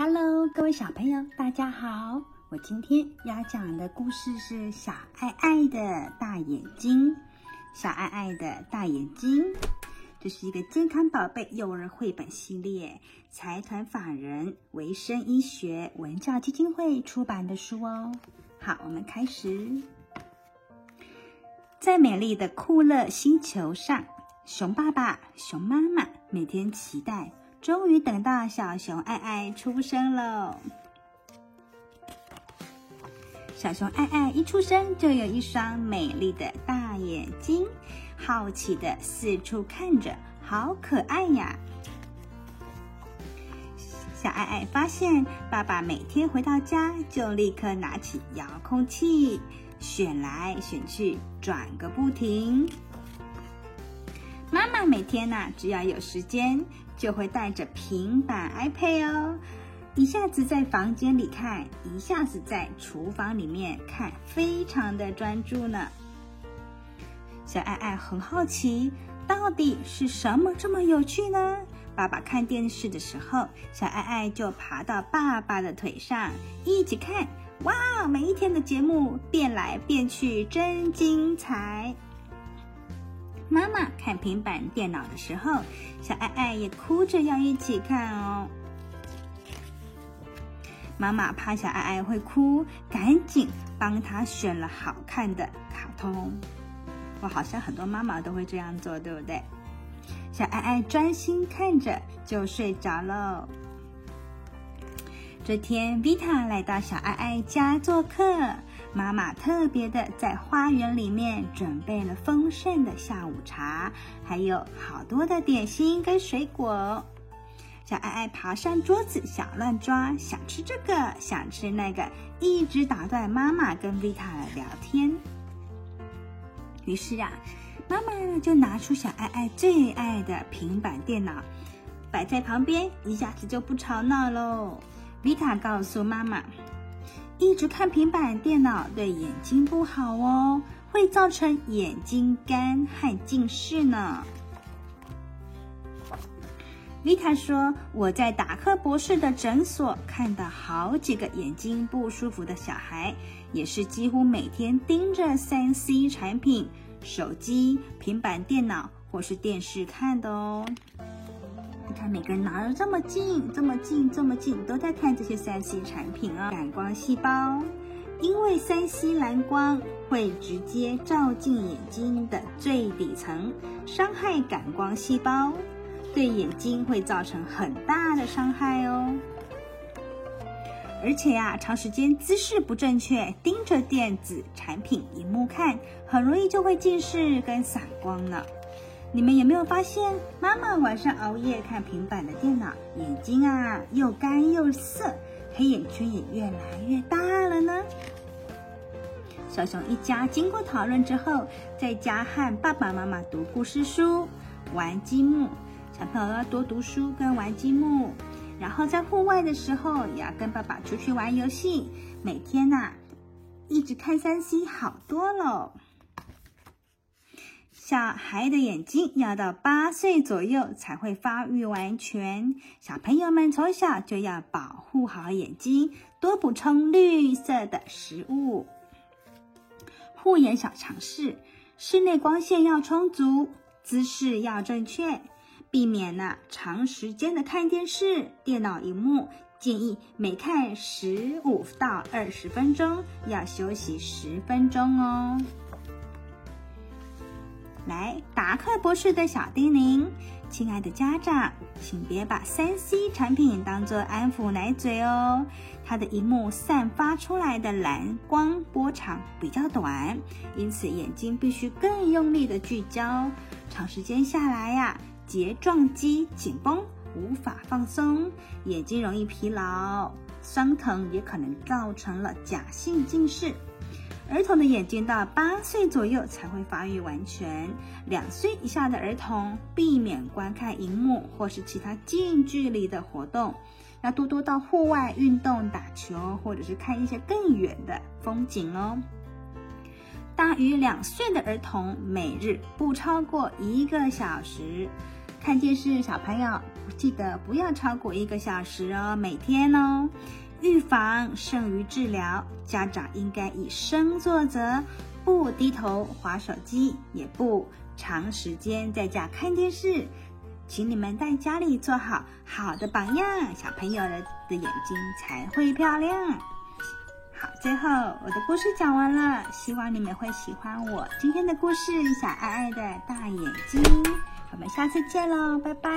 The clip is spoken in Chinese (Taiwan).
Hello，各位小朋友，大家好！我今天要講的故事是小愛愛《小愛愛的大眼睛》。小愛愛的大眼睛，這是一個健康寶貝幼兒繪本系列，財團法人維生醫學文教基金會出版的書哦。好，我們開始。在美麗的酷樂星球上，熊爸爸、熊媽媽每天期待。終於等到小熊艾艾出生嘍！小熊艾艾一出生就有一雙美麗的大眼睛，好奇的四處看着，好可愛呀！小艾艾發現，爸爸每天回到家就立刻拿起遙控器，選來選去，轉個不停。媽媽每天吶、啊，只要有時間。就會帶着平板 iPad 哦，一下子在房間裡看，一下子在廚房裡面看，非常的專注呢。小艾艾很好奇，到底是什麼這麼有趣呢？爸爸看電視的時候，小艾艾就爬到爸爸的腿上一起看。哇，每一天的節目變來變去，真精彩。媽媽看平板電腦的時候，小愛愛也哭着要一起看哦。媽媽怕小愛愛會哭，趕緊幫她選了好看的卡通。哇，好像很多媽媽都會這樣做，對不對？小愛愛專心看着就睡着嘍。這天，Vita 來到小愛愛家做客。媽媽特別的在花園裡面準備了豐盛的下午茶，還有好多的點心跟水果。小艾艾爬上桌子，想亂抓，想吃這個，想吃那個，一直打斷媽媽跟維塔的聊天。於是啊，媽媽就拿出小艾艾最愛的平板電腦，擺在旁邊，一下子就不吵鬧嘍。維塔告訴媽媽。一直看平板電腦對眼睛不好哦，會造成眼睛乾和近視呢。維塔說：“我在達克博士的診所看到好幾個眼睛不舒服的小孩，也是幾乎每天盯着三 C 產品、手機、平板電腦或是電視看的哦。”你看，每個人拿着這麼近，這麼近，這麼近，都在看這些三 C 產品啊、哦。感光細胞，因為三 C 藍光會直接照進眼睛的最底層，傷害感光細胞，對眼睛會造成很大的傷害哦。而且呀、啊，長時間姿勢不正確，盯着電子產品熒幕看，很容易就會近視跟散光了。你們有沒有發現，媽媽晚上熬夜看平板的電腦，眼睛啊又乾又澀，黑眼圈也越來越大了呢？小熊一家經過討論之後，在家和爸爸媽媽讀故事書、玩積木。小朋友要多讀書跟玩積木，然後在戶外的時候也要跟爸爸出去玩遊戲。每天吶、啊，一直看三 C 好多嘍。小孩的眼睛要到八歲左右才會發育完全，小朋友們從小就要保護好眼睛，多補充綠色的食物。護眼小常識：室內光線要充足，姿勢要正確，避免呢、啊、長時間的看電視、電腦熒幕。建議每看十五到二十分鐘，要休息十分鐘哦。來，達克博士的小叮嚀，親愛的家長，請別把三 C 產品當做安撫奶嘴哦。它的一幕散發出來的藍光波長比較短，因此眼睛必須更用力的聚焦，長時間下來呀、啊，睫狀肌緊繃，無法放鬆，眼睛容易疲勞、酸疼，也可能造成了假性近視。兒童的眼睛到八歲左右才會發育完全。兩歲以下的兒童避免觀看熒幕或是其他近距離的活動，要多多到戶外運動、打球，或者是看一些更遠的風景哦。大於兩歲的兒童每日不超過一個小時看電視，小朋友記得不要超過一個小時哦，每天哦。預防勝於治療，家長應該以身作則，不低頭滑手機，也不長時間在家看電視，請你們在家裡做好好的榜樣，小朋友的的眼睛才會漂亮。好，最後我的故事講完了，希望你們會喜歡我今天的故事《小艾艾的大眼睛》，我們下次見嘍，拜拜。